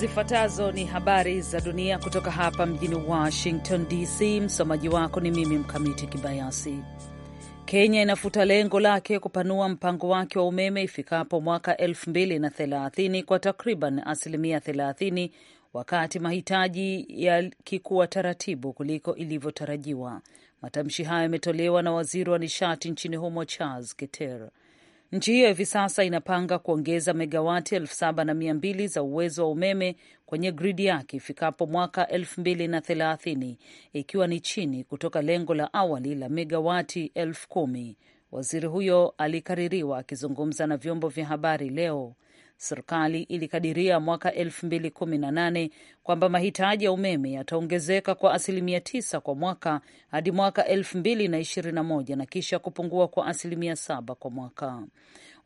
Zifuatazo ni habari za dunia kutoka hapa mjini Washington DC. Msomaji wako ni mimi Mkamiti Kibayasi. Kenya inafuta lengo lake kupanua mpango wake wa umeme ifikapo mwaka 2030 kwa takriban asilimia 30 wakati mahitaji yakikuwa taratibu kuliko ilivyotarajiwa. Matamshi hayo yametolewa na waziri wa nishati nchini humo Charles Keter. Nchi hiyo hivi sasa inapanga kuongeza megawati elfu saba na mia mbili za uwezo wa umeme kwenye gridi yake ifikapo mwaka elfu mbili na thelathini ikiwa ni chini kutoka lengo la awali la megawati elfu kumi. Waziri huyo alikaririwa akizungumza na vyombo vya habari leo Serikali ilikadiria mwaka 2018 kwamba mahitaji ya umeme yataongezeka kwa asilimia tisa kwa mwaka hadi mwaka 2021 na kisha kupungua kwa asilimia saba kwa mwaka.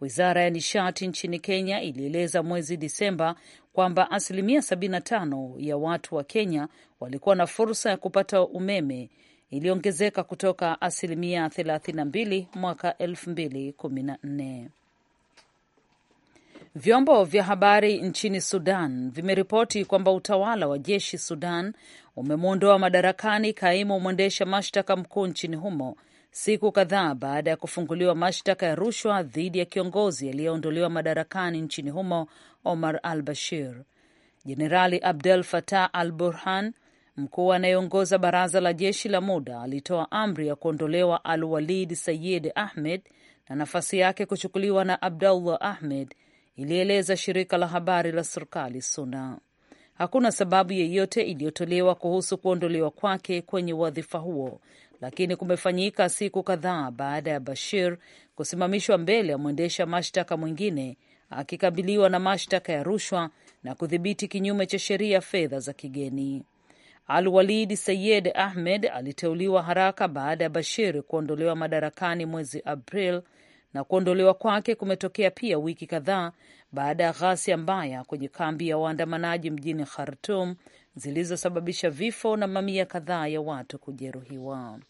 Wizara ya nishati nchini Kenya ilieleza mwezi Disemba kwamba asilimia 75 ya watu wa Kenya walikuwa na fursa ya kupata umeme iliongezeka kutoka asilimia 32 mwaka 2014. Vyombo vya habari nchini Sudan vimeripoti kwamba utawala wa jeshi Sudan umemwondoa madarakani kaimu mwendesha mashtaka mkuu nchini humo siku kadhaa baada ya kufunguliwa mashtaka ya rushwa dhidi ya kiongozi aliyeondolewa madarakani nchini humo Omar al Bashir. Jenerali Abdel Fattah al Burhan, mkuu anayeongoza baraza la jeshi la muda, alitoa amri ya kuondolewa al Walid Sayid Ahmed na nafasi yake kuchukuliwa na Abdullah Ahmed ilieleza shirika la habari la serikali SUNA. Hakuna sababu yeyote iliyotolewa kuhusu kuondolewa kwake kwenye wadhifa huo, lakini kumefanyika siku kadhaa baada ya Bashir kusimamishwa mbele ya mwendesha mashtaka mwingine akikabiliwa na mashtaka ya rushwa na kudhibiti kinyume cha sheria fedha za kigeni. Al Walid Sayed Ahmed aliteuliwa haraka baada ya Bashir kuondolewa madarakani mwezi April na kuondolewa kwake kumetokea pia wiki kadhaa baada ya ghasia mbaya kwenye kambi ya waandamanaji mjini Khartum zilizosababisha vifo na mamia kadhaa ya watu kujeruhiwa.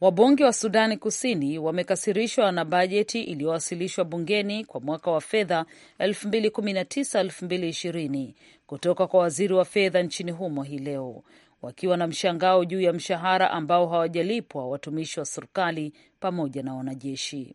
Wabunge wa Sudani Kusini wamekasirishwa na bajeti iliyowasilishwa bungeni kwa mwaka wa fedha 2019-2020 kutoka kwa waziri wa fedha nchini humo hii leo wakiwa na mshangao juu ya mshahara ambao hawajalipwa watumishi wa serikali pamoja na wanajeshi.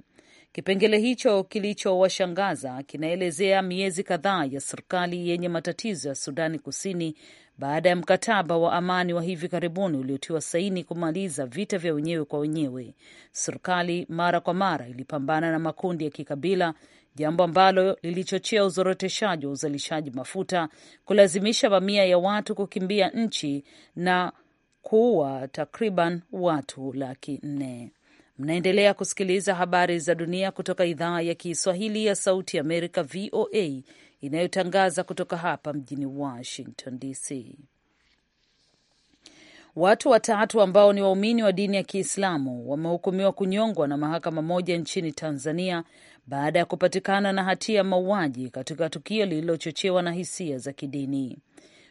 Kipengele hicho kilichowashangaza kinaelezea miezi kadhaa ya serikali yenye matatizo ya Sudani Kusini baada ya mkataba wa amani wa hivi karibuni uliotiwa saini kumaliza vita vya wenyewe kwa wenyewe. Serikali mara kwa mara ilipambana na makundi ya kikabila jambo ambalo lilichochea uzoroteshaji wa uzalishaji mafuta, kulazimisha mamia ya watu kukimbia nchi na kuua takriban watu laki nne. Mnaendelea kusikiliza habari za dunia kutoka idhaa ya Kiswahili ya Sauti Amerika, VOA, inayotangaza kutoka hapa mjini Washington DC. Watu watatu ambao ni waumini wa dini ya Kiislamu wamehukumiwa kunyongwa na mahakama moja nchini Tanzania baada ya kupatikana na hatia ya mauaji katika tukio lililochochewa na hisia za kidini.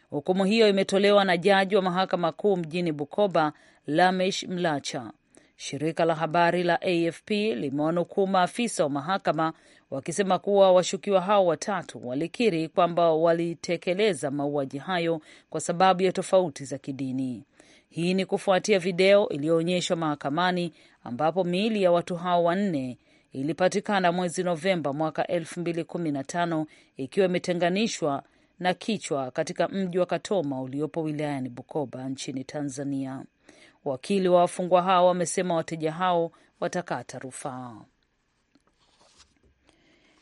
Hukumu hiyo imetolewa na jaji wa mahakama kuu mjini Bukoba, Lamesh Mlacha. Shirika la habari la AFP limewanukuu maafisa wa mahakama wakisema kuwa washukiwa hao watatu walikiri kwamba walitekeleza mauaji hayo kwa sababu ya tofauti za kidini. Hii ni kufuatia video iliyoonyeshwa mahakamani ambapo miili ya watu hao wanne ilipatikana mwezi Novemba mwaka 2015 ikiwa imetenganishwa na kichwa katika mji wa Katoma uliopo wilayani Bukoba nchini Tanzania. Wakili wa wafungwa hao wamesema wateja hao watakata rufaa.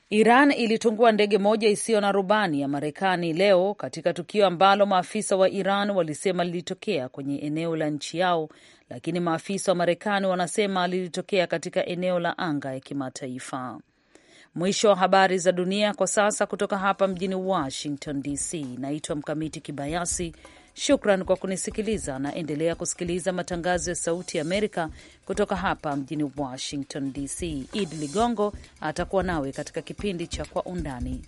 Iran ilitungua ndege moja isiyo na rubani ya Marekani leo katika tukio ambalo maafisa wa Iran walisema lilitokea kwenye eneo la nchi yao, lakini maafisa wa Marekani wanasema lilitokea katika eneo la anga ya kimataifa. Mwisho wa habari za dunia kwa sasa kutoka hapa mjini Washington DC. Naitwa Mkamiti Kibayasi. Shukran kwa kunisikiliza, na endelea kusikiliza matangazo ya Sauti ya Amerika kutoka hapa mjini Washington DC. Idi Ligongo atakuwa nawe katika kipindi cha Kwa Undani.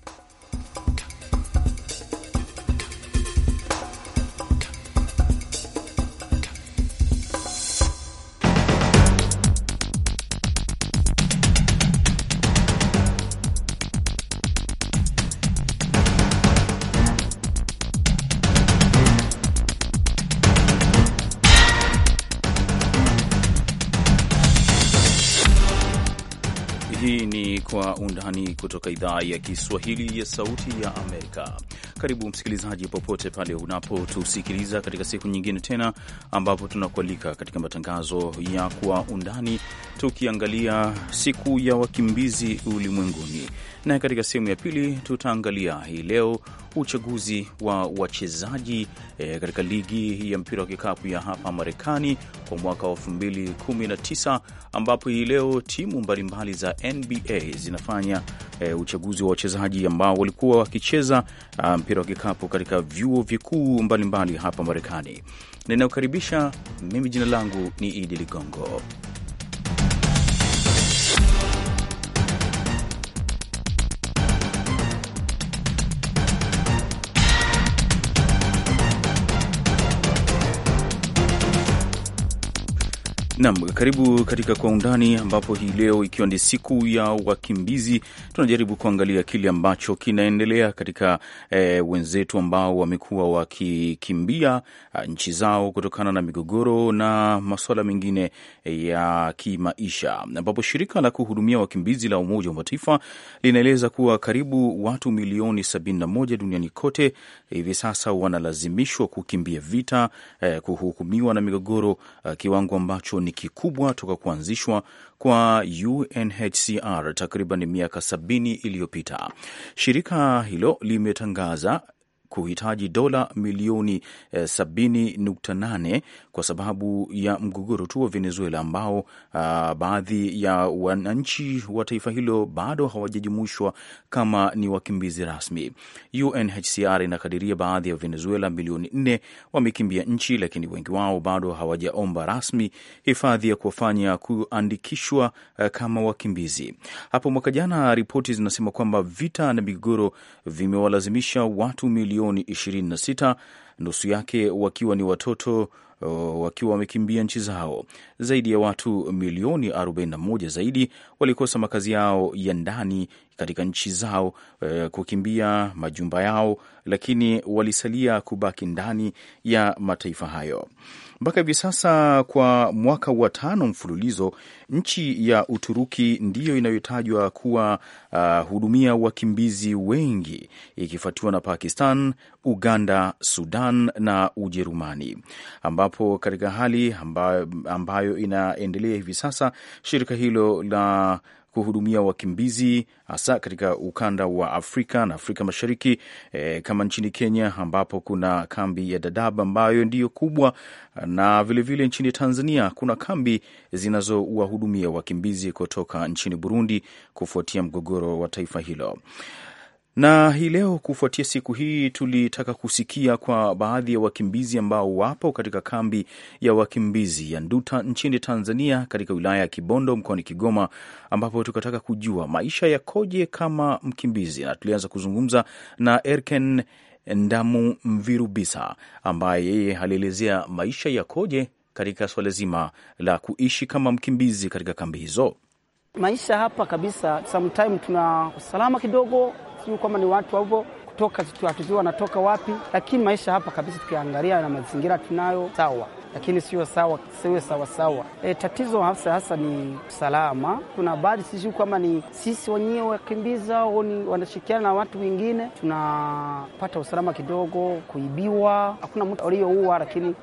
Marekani kutoka idhaa ya Kiswahili ya Sauti ya Amerika. Karibu msikilizaji, popote pale unapotusikiliza katika siku nyingine tena, ambapo tunakualika katika matangazo ya Kwa Undani, tukiangalia siku ya wakimbizi ulimwenguni, na katika sehemu ya pili tutaangalia hii leo uchaguzi wa wachezaji e, katika ligi ya mpira wa kikapu ya hapa Marekani kwa mwaka wa 2019 ambapo hii leo timu mbalimbali za NBA zinafanya e, uchaguzi wa wachezaji ambao walikuwa wakicheza ah, mpira wa kikapu katika vyuo vikuu mbalimbali hapa Marekani. Ninayokaribisha mimi, jina langu ni Idi Ligongo. Nam, karibu katika Kwa Undani, ambapo hii leo ikiwa ni siku ya wakimbizi, tunajaribu kuangalia kile ambacho kinaendelea katika e, wenzetu ambao wamekuwa wakikimbia ah, nchi zao kutokana na migogoro na masuala mengine eh, ya kimaisha, ambapo shirika la kuhudumia wakimbizi la Umoja wa Mataifa linaeleza kuwa karibu watu milioni 71 duniani kote eh, hivi sasa wanalazimishwa kukimbia vita, e, kuhukumiwa na migogoro, e, kiwango ambacho ni kikubwa toka kuanzishwa kwa UNHCR takriban miaka sabini iliyopita. Shirika hilo limetangaza kuhitaji dola milioni 70.8 eh, kwa sababu ya mgogoro tu wa Venezuela ambao ah, baadhi ya wananchi wa taifa hilo bado hawajajumuishwa kama ni wakimbizi rasmi. UNHCR inakadiria baadhi ya Venezuela milioni nne wamekimbia nchi, lakini wengi wao bado hawajaomba rasmi hifadhi ya kuwafanya kuandikishwa eh, kama wakimbizi. Hapo mwaka jana, ripoti zinasema kwamba vita na migogoro vimewalazimisha watu milioni milioni 26, nusu yake wakiwa ni watoto uh, wakiwa wamekimbia nchi zao. Zaidi ya watu milioni 41 zaidi walikosa makazi yao ya ndani katika nchi zao e, kukimbia majumba yao, lakini walisalia kubaki ndani ya mataifa hayo. Mpaka hivi sasa kwa mwaka wa tano mfululizo, nchi ya Uturuki ndiyo inayotajwa kuwa uh, hudumia wakimbizi wengi ikifuatiwa na Pakistan, Uganda, Sudan na Ujerumani, ambapo katika hali ambayo, ambayo inaendelea hivi sasa shirika hilo la kuhudumia wakimbizi hasa katika ukanda wa Afrika na Afrika Mashariki e, kama nchini Kenya ambapo kuna kambi ya Dadaab ambayo ndiyo kubwa, na vilevile vile nchini Tanzania kuna kambi zinazowahudumia wakimbizi kutoka nchini Burundi kufuatia mgogoro wa taifa hilo. Na hii leo kufuatia siku hii, tulitaka kusikia kwa baadhi ya wakimbizi ambao wapo katika kambi ya wakimbizi ya Nduta nchini Tanzania, katika wilaya ya Kibondo mkoani Kigoma, ambapo tukataka kujua maisha yakoje kama mkimbizi, na tulianza kuzungumza na Erken Ndamu Mvirubisa ambaye yeye alielezea maisha yakoje katika swala zima la kuishi kama mkimbizi katika kambi hizo. Maisha hapa kabisa, sometime tuna usalama kidogo, sijui kwamba ni watu hapo kutoka, hatujui wanatoka wapi, lakini maisha hapa kabisa, tukiangalia na mazingira tunayo sawa lakini sio sawa, siwe sawa sawa. E, tatizo hasa hasa ni usalama. Kuna baadhi sijui kama ni sisi wenyewe wakimbiza au ni wanashirikiana na watu wengine, tunapata usalama kidogo, kuibiwa. Hakuna mtu aliyoua, lakini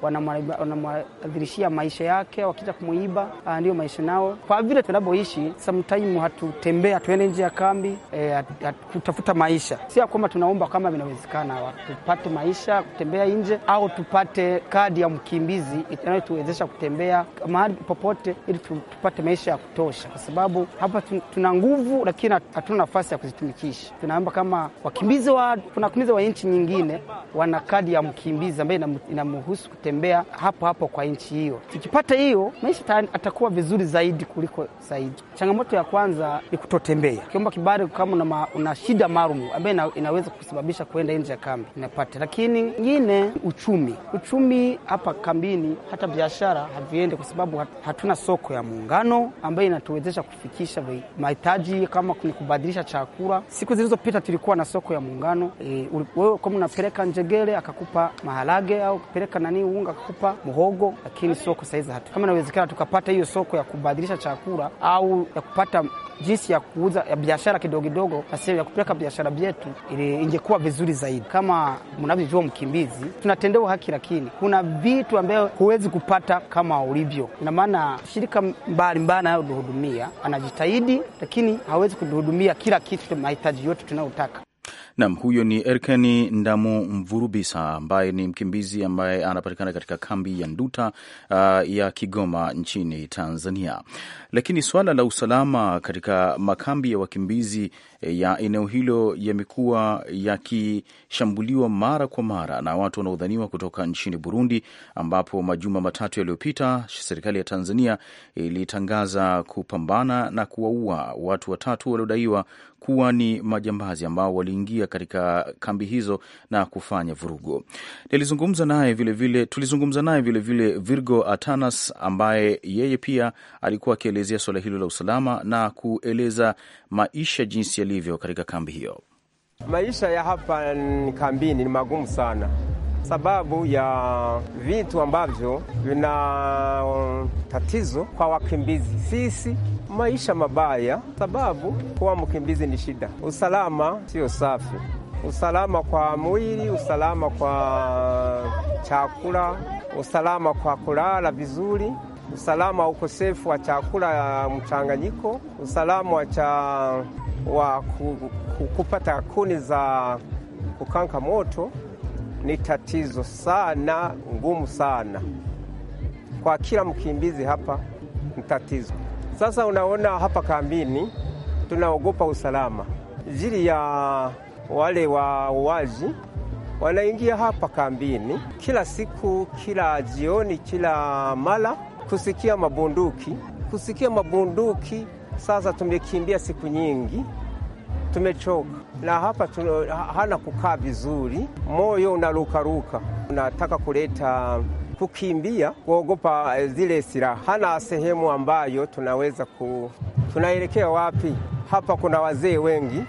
wanamwadhirishia maisha yake, wakija kumuiba ah, ndio maisha nao. Kwa vile tunapoishi sometime hatutembee, hatuende nje ya kambi e, eh, kutafuta maisha, si kwamba tunaomba kama vinawezekana tupate maisha kutembea nje au tupate kadi ya mkimbizi kazi inayotuwezesha kutembea mahali popote, ili tupate maisha ya kutosha, kwa sababu hapa tuna nguvu, lakini hatuna nafasi ya kuzitumikisha. Tunaomba kama wakimbizi wa kuna wakimbizi wa nchi nyingine wana kadi ya mkimbizi ambayo inamruhusu kutembea hapo hapo kwa nchi hiyo. Tukipata hiyo, maisha atakuwa vizuri zaidi kuliko zaidi. Changamoto ya kwanza ni kutotembea. Ukiomba kibali kama una shida maalum ambayo inaweza kusababisha kuenda nje ya kambi inapata, lakini nyingine uchumi, uchumi hapa kambini uchumi, hata biashara haviende kwa sababu hatuna soko ya muungano ambayo inatuwezesha kufikisha mahitaji kama ni kubadilisha chakula. Siku zilizopita tulikuwa na soko ya muungano e, wewe kama unapeleka njegere akakupa maharage au kupeleka nani unga akakupa mhogo, lakini soko saizi hatu. Kama inawezekana tukapata hiyo soko ya kubadilisha chakula au ya kupata jinsi ya kuuza ya biashara kidogo kidogo, basi ya kupeleka biashara vyetu e, ingekuwa vizuri zaidi. Kama mnavyojua, mkimbizi tunatendewa haki, lakini kuna vitu ambayo huwezi kupata kama ulivyo. Ina maana shirika mbalimbali anayotuhudumia anajitahidi, lakini hawezi kuduhudumia kila kitu, mahitaji yote tunayotaka. Nam, huyo ni Erkeni Ndamu Mvurubisa ambaye ni mkimbizi ambaye anapatikana katika kambi ya Nduta uh, ya Kigoma nchini Tanzania. Lakini suala la usalama katika makambi ya wakimbizi eh, ya eneo hilo yamekuwa yakishambuliwa mara kwa mara na watu wanaodhaniwa kutoka nchini Burundi, ambapo majuma matatu yaliyopita serikali ya Tanzania ilitangaza kupambana na kuwaua watu watatu waliodaiwa kuwa ni majambazi ambao waliingia katika kambi hizo na kufanya vurugu. Nilizungumza naye vilevile, tulizungumza naye vilevile Virgo Atanas ambaye yeye pia alikuwa akielezea suala hilo la usalama na kueleza maisha jinsi yalivyo katika kambi hiyo. Maisha ya hapa kambini ni magumu sana sababu ya vitu ambavyo vina tatizo kwa wakimbizi. Sisi maisha mabaya, sababu kuwa mkimbizi ni shida, usalama sio safi, usalama kwa mwili, usalama kwa chakula, usalama kwa kulala vizuri usalama wa ukosefu wa chakula mchanganyiko, usalama wa, cha, wa kupata kuni za kukanka moto ni tatizo sana ngumu sana kwa kila mkimbizi hapa, ni tatizo. Sasa unaona hapa kambini tunaogopa usalama jili ya wale wa uwaji wanaingia hapa kambini kila siku, kila jioni, kila mala kusikia mabunduki, kusikia mabunduki. Sasa tumekimbia siku nyingi tumechoka na hapa tuna, hana kukaa vizuri, moyo unarukaruka, unataka kuleta kukimbia, kuogopa eh, zile silaha. Hana sehemu ambayo tunaweza ku, tunaelekea wapi? Hapa kuna wazee wengi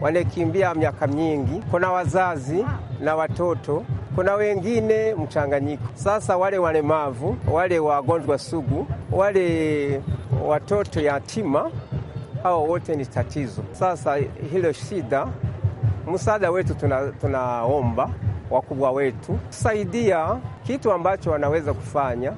wanaekimbia miaka mingi, kuna wazazi na watoto, kuna wengine mchanganyiko. Sasa wale walemavu, wale wagonjwa sugu, wale watoto yatima hao wote ni tatizo. Sasa hilo shida, msaada wetu tunaomba, tuna wakubwa wetu kusaidia kitu ambacho wanaweza kufanya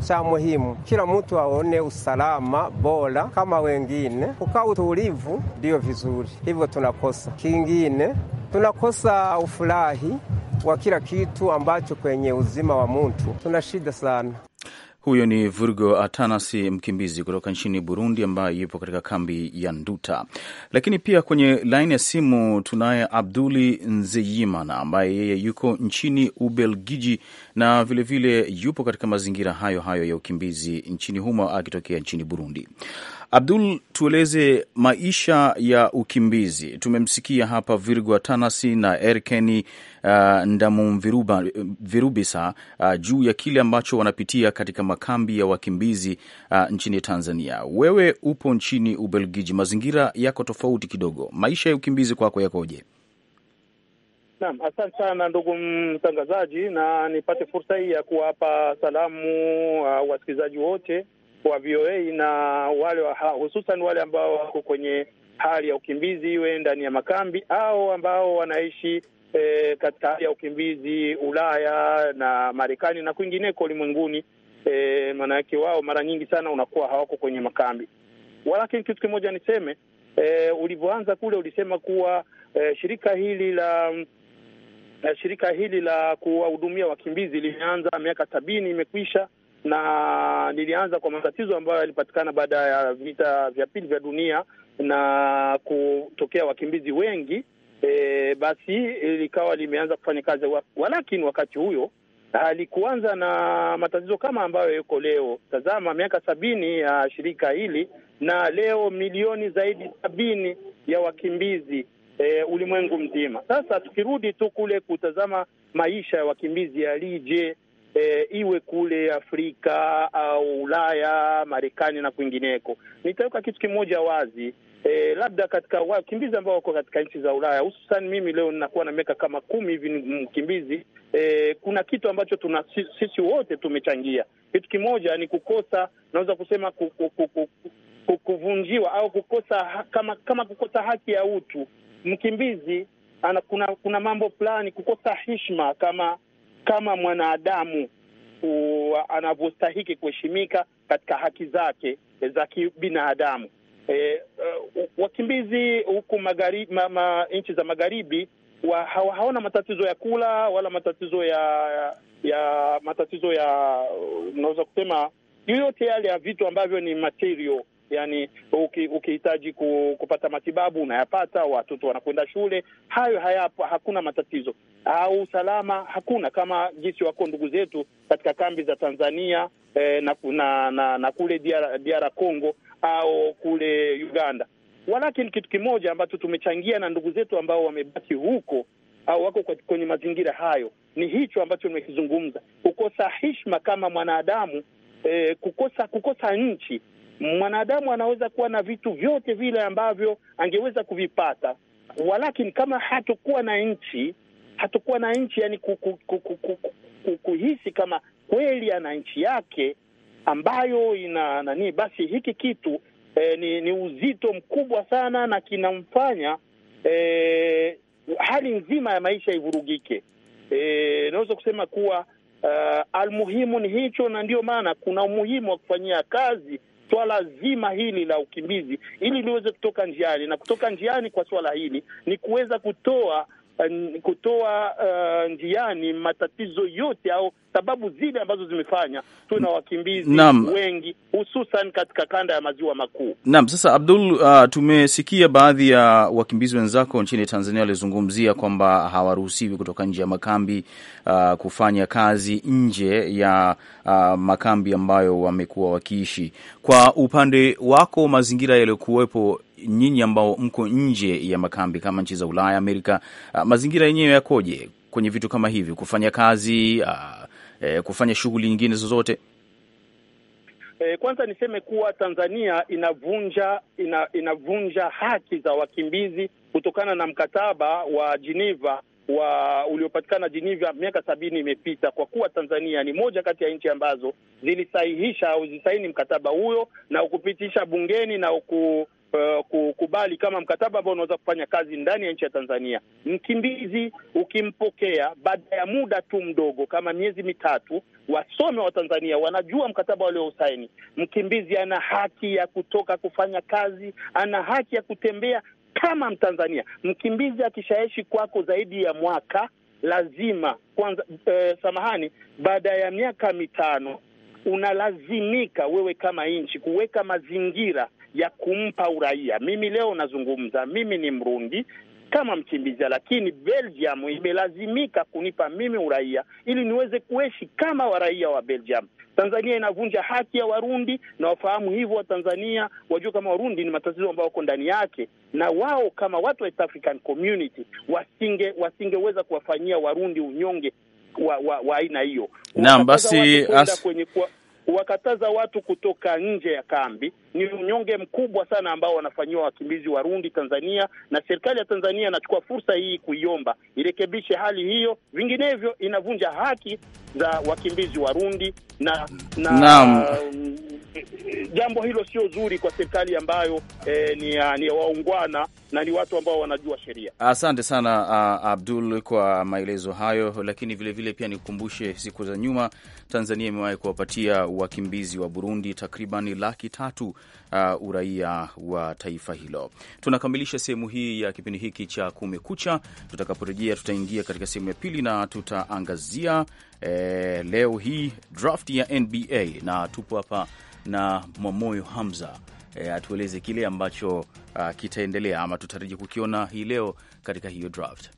cha muhimu, kila mtu aone usalama bora kama wengine, kukaa utulivu ndiyo vizuri. Hivyo tunakosa kingine, tunakosa ufurahi wa kila kitu ambacho kwenye uzima wa mtu, tuna shida sana. Huyo ni Virgo Atanasi, mkimbizi kutoka nchini Burundi ambaye yupo katika kambi ya Nduta. Lakini pia kwenye laini ya simu tunaye Abduli Nzeyimana ambaye yeye yuko nchini Ubelgiji na vilevile vile yupo katika mazingira hayo hayo ya ukimbizi nchini humo akitokea nchini Burundi. Abdul, tueleze maisha ya ukimbizi. Tumemsikia hapa Virgwa Tanasi na Erkeni uh, Ndamumvirubisa uh, juu ya kile ambacho wanapitia katika makambi ya wakimbizi uh, nchini Tanzania. Wewe upo nchini Ubelgiji, mazingira yako tofauti kidogo. Maisha ya ukimbizi kwako yakoje? Naam, asante sana ndugu mtangazaji, na nipate fursa hii ya kuwapa salamu uh, wasikilizaji wote wa VOA na wale hususan wale ambao wako kwenye hali ya ukimbizi, iwe ndani ya makambi au ambao wanaishi e, katika hali ya ukimbizi Ulaya na Marekani na kwingineko ulimwenguni. E, eh, maanake wao mara nyingi sana unakuwa hawako kwenye makambi. Walakini kitu kimoja niseme, e, ulivyoanza kule ulisema kuwa e, shirika hili la shirika hili la kuwahudumia wakimbizi limeanza miaka sabini imekwisha na nilianza kwa matatizo ambayo yalipatikana baada ya vita vya pili vya dunia na kutokea wakimbizi wengi e, basi likawa limeanza kufanya kazi wa, walakini wakati huyo halikuanza na matatizo kama ambayo yuko leo. Tazama miaka sabini ya shirika hili na leo milioni zaidi sabini ya wakimbizi e, ulimwengu mzima. Sasa tukirudi tu kule kutazama maisha ya wakimbizi yalije e, iwe kule Afrika au Ulaya, Marekani na kwingineko. Nitaweka kitu kimoja wazi e, labda katika wakimbizi ambao wako katika nchi za Ulaya, hususan mimi leo ninakuwa na miaka kama kumi hivi ni mkimbizi e, kuna kitu ambacho tuna sisi wote tumechangia. Kitu kimoja ni kukosa, naweza kusema kuvunjiwa au kukosa kama kama kukosa haki ya utu mkimbizi ana, kuna kuna mambo fulani kukosa heshima kama kama mwanadamu anavyostahiki kuheshimika katika haki zake eh, za kibinadamu. E, uh, wakimbizi huku magharibi ma, ma, nchi za magharibi wa, hawa, hawana matatizo ya kula wala matatizo ya ya matatizo ya unaweza kusema yoyote yale ya vitu ambavyo ni material yani ukihitaji uki kupata matibabu unayapata, watoto wanakwenda shule, hayo hayapo, hakuna matatizo au usalama hakuna, kama jinsi wako ndugu zetu katika kambi za Tanzania eh, na, na, na, na kule DR Congo au kule Uganda. Walakini kitu kimoja ambacho tumechangia na ndugu zetu ambao wamebaki huko au wako kwenye mazingira hayo ni hicho ambacho nimekizungumza, kukosa heshima kama mwanadamu eh, kukosa kukosa nchi mwanadamu anaweza kuwa na vitu vyote vile ambavyo angeweza kuvipata, walakini kama hatokuwa na nchi, hatokuwa na nchi, yani kuhisi kama kweli ana nchi yake ambayo ina nani, basi hiki kitu eh, ni, ni uzito mkubwa sana na kinamfanya eh, hali nzima ya maisha ivurugike. Inaweza eh, naweza kusema kuwa uh, almuhimu ni hicho, na ndio maana kuna umuhimu wa kufanyia kazi swala zima hili la ukimbizi, ili liweze kutoka njiani, na kutoka njiani kwa swala hili ni kuweza kutoa Eh, kutoa uh, njiani matatizo yote au sababu zile ambazo zimefanya tuna wakimbizi wengi hususan katika kanda ya maziwa makuu. Naam, sasa Abdul, uh, tumesikia baadhi ya wakimbizi wenzako nchini Tanzania walizungumzia kwamba hawaruhusiwi kutoka nje ya makambi uh, kufanya kazi nje ya uh, makambi ambayo wamekuwa wakiishi. Kwa upande wako, mazingira yaliyokuwepo nyinyi ambao mko nje ya makambi kama nchi za Ulaya, Amerika, uh, mazingira yenyewe yakoje kwenye vitu kama hivi, kufanya kazi uh, eh, kufanya shughuli nyingine zozote? Eh, kwanza niseme kuwa Tanzania inavunja ina, inavunja haki za wakimbizi kutokana na mkataba wa Geneva wa uliopatikana Geneva miaka sabini imepita, kwa kuwa Tanzania ni moja kati ya nchi ambazo zilisahihisha au zisaini mkataba huyo na ukupitisha bungeni na uku, uh, eh, kukubali kama mkataba ambao unaweza kufanya kazi ndani ya nchi ya Tanzania. Mkimbizi ukimpokea baada ya muda tu mdogo kama miezi mitatu, wasome wa Tanzania wanajua mkataba usaini Mkimbizi ana haki ya kutoka kufanya kazi, ana haki ya kutembea kama Mtanzania. Mkimbizi akishaishi kwako zaidi ya mwaka lazima kwanza, eh, samahani, baada ya miaka mitano unalazimika wewe kama nchi kuweka mazingira ya kumpa uraia. Mimi leo nazungumza, mimi ni Mrundi kama mkimbiza, lakini Belgium imelazimika kunipa mimi uraia ili niweze kuishi kama waraia wa Belgium. Tanzania inavunja haki ya Warundi na wafahamu hivyo Watanzania, wajue kama Warundi ni matatizo ambayo wako ndani yake, na wao kama watu wa East African Community wasinge wasingeweza kuwafanyia Warundi unyonge wa aina wa, wa hiyo. Naam, basi as... kwenye Kuwakataza watu kutoka nje ya kambi ni unyonge mkubwa sana ambao wanafanyiwa wakimbizi Warundi Tanzania, na serikali ya Tanzania inachukua fursa hii kuiomba irekebishe hali hiyo, vinginevyo inavunja haki za wakimbizi Warundi na na, na, jambo hilo sio zuri kwa serikali ambayo eh, ni, uh, ni waungwana na ni watu ambao wanajua sheria. Asante sana uh, Abdul kwa maelezo hayo, lakini vilevile vile pia nikukumbushe siku za nyuma Tanzania imewahi kuwapatia wakimbizi wa Burundi takribani laki tatu uh, uraia wa taifa hilo. Tunakamilisha sehemu hii ya kipindi hiki cha Kumekucha. Tutakaporejea tutaingia katika sehemu ya pili na tutaangazia eh, leo hii draft ya NBA na tupo hapa na Mwamoyo Hamza e, atueleze kile ambacho kitaendelea ama tutarajia kukiona hii leo katika hiyo draft.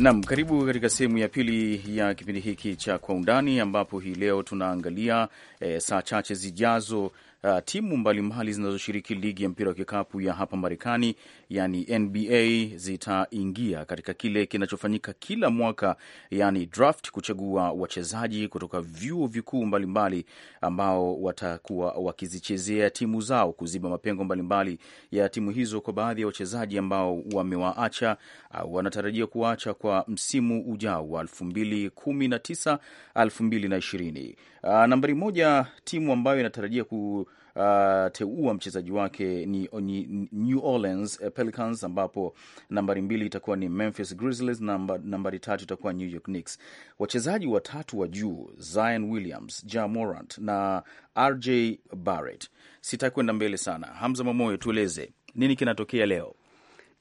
Nam, karibu katika sehemu ya pili ya kipindi hiki cha Kwa Undani, ambapo hii leo tunaangalia e, saa chache zijazo Uh, timu mbalimbali zinazoshiriki ligi ya mpira wa kikapu ya hapa Marekani yani NBA zitaingia katika kile kinachofanyika kila mwaka, yani draft, kuchagua wachezaji kutoka vyuo vikuu mbalimbali ambao watakuwa wakizichezea timu zao, kuziba mapengo mbalimbali ya timu hizo kwa baadhi ya wachezaji ambao wamewaacha au wanatarajia kuwaacha kwa msimu ujao wa 2019 2020. Ah, nambari moja timu ambayo inatarajia ku uh, teua mchezaji wake ni, ni New Orleans eh, Pelicans, ambapo nambari mbili itakuwa ni Memphis Grizzlies, namba, nambari tatu itakuwa New York Knicks. Wachezaji watatu wa juu Zion Williams, Ja Morant na RJ Barrett. Sitakwenda mbele sana. Hamza Mamoyo, tueleze nini kinatokea leo?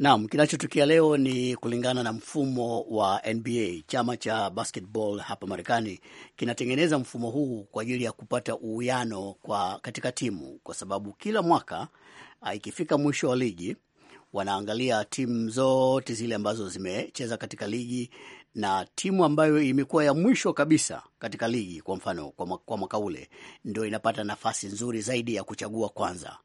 Naam, kinachotukia leo ni kulingana na mfumo wa NBA. Chama cha basketball hapa Marekani kinatengeneza mfumo huu kwa ajili ya kupata uwiano kwa katika timu, kwa sababu kila mwaka ah, ikifika mwisho wa ligi wanaangalia timu zote zile ambazo zimecheza katika ligi na timu ambayo imekuwa ya mwisho kabisa katika ligi, kwa mfano kwa mwaka ule, ndio inapata nafasi nzuri zaidi ya kuchagua kwanza.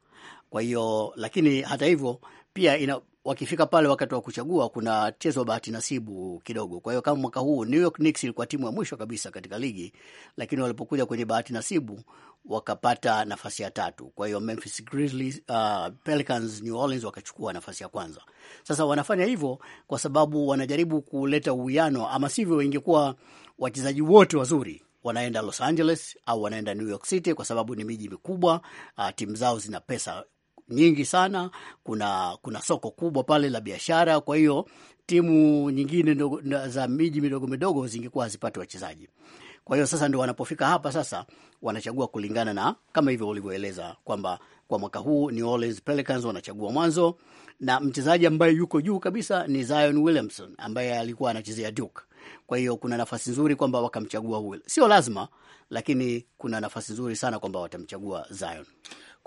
Kwa hiyo, lakini hata hivyo pia ina wakifika pale wakati wa kuchagua kuna chezo bahati nasibu kidogo. Kwa hiyo kama mwaka huu New York Knicks ilikuwa timu ya mwisho kabisa katika ligi, lakini walipokuja kwenye bahati nasibu wakapata nafasi ya tatu. Kwa hiyo Memphis Grizzlies, uh, Pelicans, New Orleans wakachukua nafasi ya kwanza. Sasa wanafanya hivyo kwa sababu wanajaribu kuleta uwiano, ama sivyo ingekuwa wachezaji wote wazuri wanaenda Los Angeles au wanaenda New York City kwa sababu ni miji mikubwa, uh, timu zao zina pesa nyingi sana. Kuna, kuna soko kubwa pale la biashara, kwa hiyo timu nyingine ndogo, za miji midogo midogo zingekuwa hazipati wachezaji. Kwa hiyo sasa ndio wanapofika hapa sasa wanachagua kulingana na kama hivyo ulivyoeleza kwamba kwa mwaka huu New Orleans Pelicans wanachagua mwanzo, na mchezaji ambaye yuko juu kabisa ni Zion Williamson ambaye alikuwa anachezea Duke. Kwa hiyo kuna nafasi nzuri kwamba wakamchagua huyo, sio lazima, lakini kuna nafasi nzuri sana kwamba watamchagua Zion.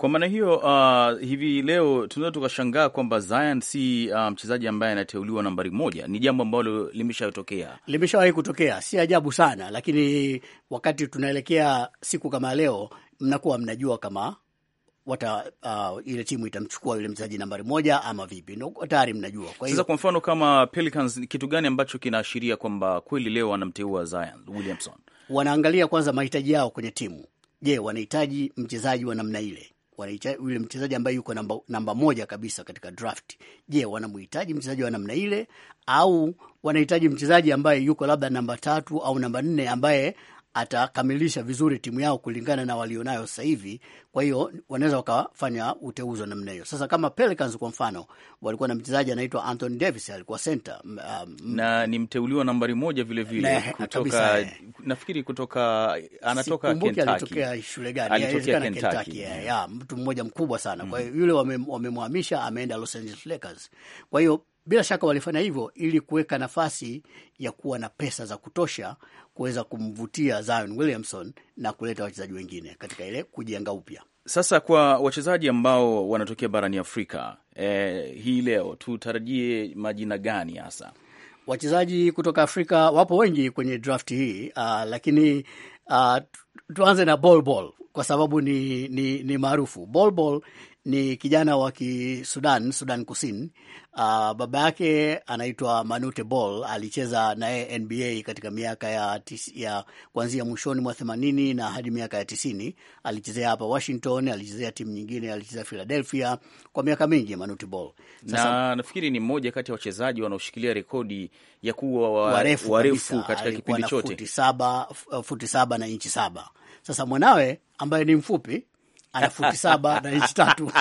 Kwa maana hiyo uh, hivi leo tunaweza tukashangaa kwamba Zion si uh, mchezaji ambaye anateuliwa nambari moja. Ni jambo ambalo limeshatokea, limeshawahi kutokea, si ajabu sana, lakini wakati tunaelekea siku kama leo, mnakuwa mnajua kama wata uh, ile timu itamchukua yule mchezaji nambari moja ama vipi? Ndio tayari mnajua. Kwa hiyo sasa, kwa mfano kama Pelicans, kitu gani ambacho kinaashiria kwamba kweli leo wanamteua Zion Williamson? Wanaangalia kwanza mahitaji yao kwenye timu. Je, wanahitaji mchezaji wa namna ile? yule mchezaji ambaye yuko namba, namba moja kabisa katika draft. Je, wanamhitaji mchezaji wa namna ile au wanahitaji mchezaji ambaye yuko labda namba tatu au namba nne ambaye atakamilisha vizuri timu yao kulingana na walionayo sasa hivi. Kwa hiyo wanaweza wakafanya uteuzi wa namna hiyo. Sasa kama Pelicans kwa mfano, walikuwa na mchezaji anaitwa Anthony Davis, alikuwa center um, na ni mteuliwa nambari moja vilevile vile, kutoka eh. nafikiri kutoka anatoka Kentucky, alitokea shule gani, alitokea Kentucky yeah, yeah, mtu mmoja mkubwa sana mm. Kwa hiyo yule wamemhamisha wame ameenda Los Angeles Lakers, kwa hiyo bila shaka walifanya hivyo ili kuweka nafasi ya kuwa na pesa za kutosha kuweza kumvutia Zion Williamson na kuleta wachezaji wengine katika ile kujenga upya. Sasa kwa wachezaji ambao wanatokea barani Afrika eh, hii leo tutarajie majina gani hasa? Wachezaji kutoka Afrika wapo wengi kwenye draft hii uh, lakini uh, tuanze na Bol Bol kwa sababu ni, ni, ni maarufu. Bol Bol ni kijana wa Kisudan, Sudan Kusini. Uh, baba yake anaitwa Manute Bol, alicheza naye NBA katika miaka ya, ya kuanzia mwishoni mwa themanini na hadi miaka ya tisini. Alichezea hapa Washington, alichezea timu nyingine, alichezea Philadelphia kwa miaka mingi Manute Bol. Sasa, na nafikiri ni mmoja kati ya wachezaji wanaoshikilia rekodi ya kuwa wa, warefu, warefu katika kipindi chote futi saba, futi saba na inchi saba. Sasa mwanawe ambaye ni mfupi ana futi saba na inchi tatu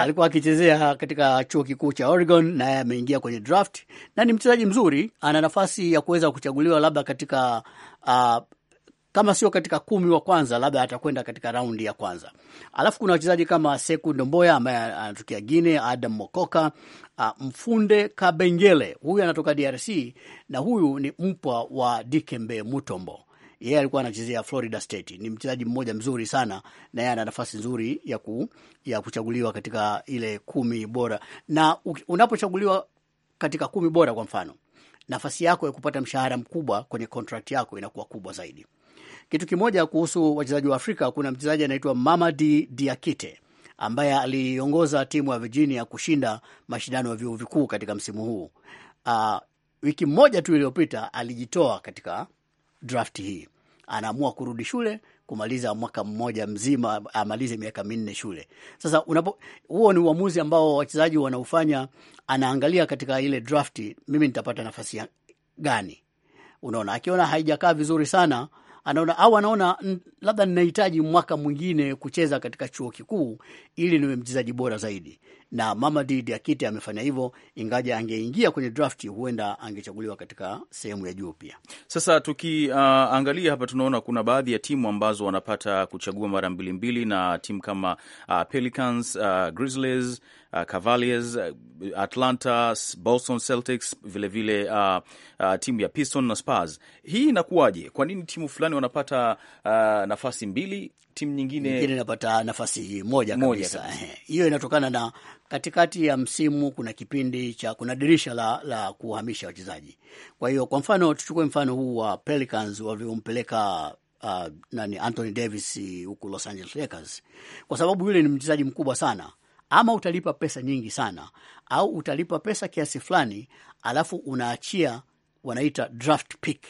Alikuwa akichezea katika chuo kikuu cha Oregon, naye ameingia kwenye draft na ni mchezaji mzuri, ana nafasi ya kuweza kuchaguliwa labda katika uh, kama sio katika kumi wa kwanza, labda atakwenda katika raundi ya kwanza. Alafu kuna wachezaji kama Seku Ndomboya ambaye anatokea Guine, Adam Mokoka, uh, Mfunde Kabengele, huyu anatoka DRC na huyu ni mpwa wa Dikembe Mutombo yeye alikuwa anachezea Florida State. Ni mchezaji mmoja mzuri sana, na yeye ana nafasi nzuri ya, ku, ya kuchaguliwa katika ile kumi bora, na unapochaguliwa katika kumi bora, kwa mfano, nafasi yako ya kupata mshahara mkubwa kwenye contract yako inakuwa kubwa zaidi. Kitu kimoja kuhusu wachezaji wa Afrika, kuna mchezaji anaitwa Mamadi Diakite ambaye aliongoza timu ya Virginia kushinda mashindano ya vyuo vikuu katika msimu huu. Uh, wiki moja tu iliyopita alijitoa katika drafti hii anaamua kurudi shule kumaliza mwaka mmoja mzima, amalize miaka minne shule. Sasa unapo, huo ni uamuzi ambao wachezaji wanaufanya, anaangalia katika ile drafti, mimi nitapata nafasi gani? Unaona, akiona haijakaa vizuri sana anaona au anaona labda ninahitaji mwaka mwingine kucheza katika chuo kikuu ili niwe mchezaji bora zaidi, na Mama Mamadi Diakite amefanya hivyo. Ingaja angeingia kwenye drafti, huenda angechaguliwa katika sehemu ya juu pia. Sasa tukiangalia uh, hapa tunaona kuna baadhi ya timu ambazo wanapata kuchagua mara mbili mbili, na timu kama uh, Pelicans, uh, Grizzlies, uh, Cavaliers, uh, Atlanta, Boston Celtics, vilevile uh, uh, timu ya Piston na Spurs. Hii inakuwaje? Kwa nini timu fulani wanapata uh, nafasi mbili, timu nyingine nyingine inapata nafasi moja kabisa. Hiyo inatokana na katikati ya msimu, kuna kipindi cha kuna dirisha la, la kuhamisha wachezaji. Kwa hiyo kwa mfano tuchukue mfano huu wa Pelicans waliompeleka uh, nani Anthony Davis huku Los Angeles Lakers, kwa sababu yule ni mchezaji mkubwa sana ama utalipa pesa nyingi sana au utalipa pesa kiasi fulani, alafu unaachia wanaita draft pick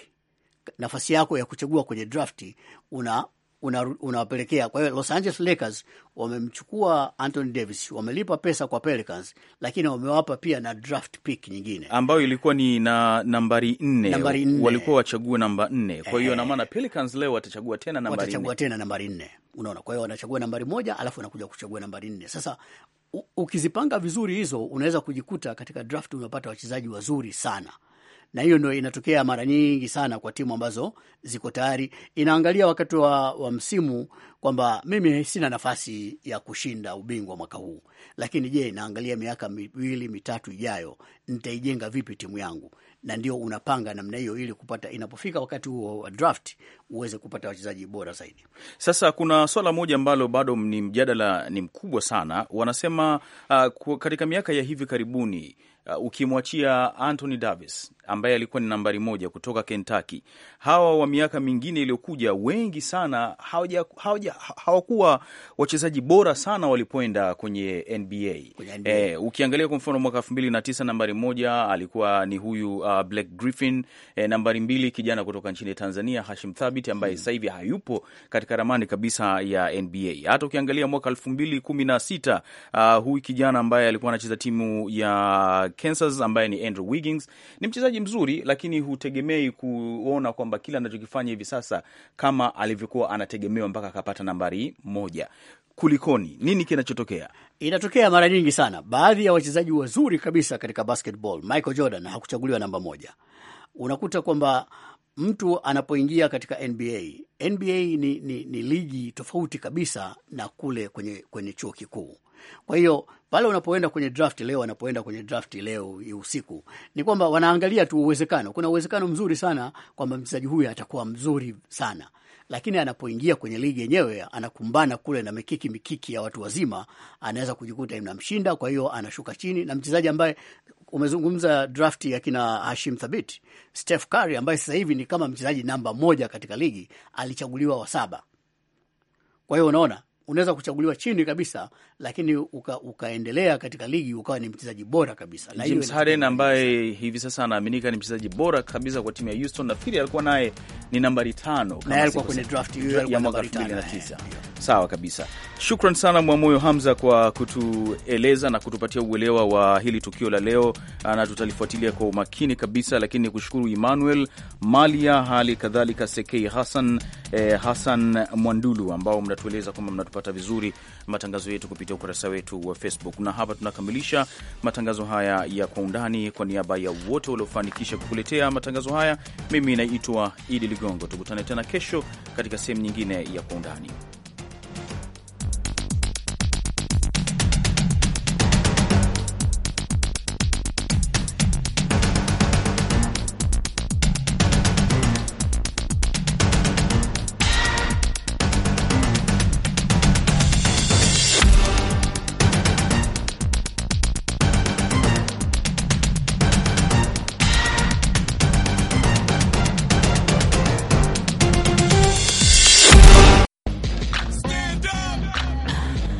nafasi yako ya kuchagua kwenye drafti una unawapelekea una. Kwa hiyo Los Angeles Lakers wamemchukua Anthony Davis, wamelipa pesa kwa Pelicans, lakini wamewapa pia na draft pick nyingine ambayo ilikuwa ni na nambari nne, walikuwa wachague namba nne. Kwa hiyo eh. namaana Pelicans leo watachagua tena nambari nne, watachagua tena nambari nne, unaona. Kwa hiyo wanachagua nambari moja alafu wanakuja kuchagua nambari nne. Sasa ukizipanga vizuri hizo, unaweza kujikuta katika draft unapata wachezaji wazuri sana na hiyo ndio inatokea mara nyingi sana kwa timu ambazo ziko tayari. Inaangalia wakati wa, wa msimu kwamba mimi sina nafasi ya kushinda ubingwa mwaka huu, lakini je, naangalia miaka miwili mitatu ijayo, nitaijenga vipi timu yangu? Na ndio unapanga namna hiyo ili kupata, inapofika wakati huo wa draft uweze kupata wachezaji bora zaidi. Sasa kuna swala moja ambalo bado ni mjadala ni mkubwa sana, wanasema uh, katika miaka ya hivi karibuni Uh, ukimwachia Anthony Davis ambaye alikuwa ni nambari moja kutoka Kentucky, hawa wa miaka mingine iliyokuja wengi sana hawajawahi hawakuwa wachezaji bora sana walipoenda kwenye NBA, kwenye NBA. Eh, ukiangalia kwa mfano mwaka elfu mbili na tisa nambari moja alikuwa ni huyu uh, Blake Griffin eh, nambari mbili kijana kutoka nchini Tanzania Hashim Thabit ambaye hmm. sasa hivi hayupo katika ramani kabisa ya NBA. Hata ukiangalia mwaka elfu mbili kumi na sita uh, huyu kijana ambaye alikuwa anacheza timu ya Kansas ambaye ni Andrew Wiggins ni mchezaji mzuri, lakini hutegemei kuona kwamba kila anachokifanya hivi sasa kama alivyokuwa anategemewa mpaka akapata kupata nambari moja. Kulikoni? Nini kinachotokea? Inatokea mara nyingi sana, baadhi ya wachezaji wazuri kabisa katika basketball. Michael Jordan hakuchaguliwa namba moja. Unakuta kwamba mtu anapoingia katika NBA, NBA ni, ni, ni ligi tofauti kabisa na kule kwenye, kwenye chuo kikuu. Kwa hiyo pale unapoenda kwenye draft leo, anapoenda kwenye draft leo usiku, ni kwamba wanaangalia tu uwezekano. Kuna uwezekano mzuri sana kwamba mchezaji huyu atakuwa mzuri sana lakini anapoingia kwenye ligi yenyewe anakumbana kule na mikiki mikiki ya watu wazima, anaweza kujikuta inamshinda, kwa hiyo anashuka chini. Na mchezaji ambaye umezungumza drafti ya kina Hashim Thabit, Steph Curry ambaye sasa hivi ni kama mchezaji namba moja katika ligi, alichaguliwa wa saba. Kwa hiyo unaona unaweza kuchaguliwa chini kabisa lakini uka, ukaendelea katika ligi ukawa ni mchezaji bora kabisa. James Harden ambaye hivi sasa anaaminika ni mchezaji bora kabisa kwa timu ya Houston, nafikiri alikuwa naye ni nambari tano na alikuwa kwenye draft hiyo ya mwaka 2009. Eh, Sawa kabisa. Shukran sana Mwamoyo Hamza kwa kutueleza na kutupatia uelewa wa hili tukio la leo, ah, na tutalifuatilia kwa umakini kabisa, lakini kushukuru Emmanuel Malia, hali kadhalika Sekei Hassan, eh, Hassan Mwandulu ambao mnatueleza kwamba mnatupata vizuri matangazo yetu kupitia kupitia ukurasa wetu wa Facebook. Na hapa tunakamilisha matangazo haya ya Kwa Undani. Kwa niaba ya wote waliofanikisha kukuletea matangazo haya, mimi naitwa Idi Ligongo. Tukutane tena kesho katika sehemu nyingine ya Kwa Undani.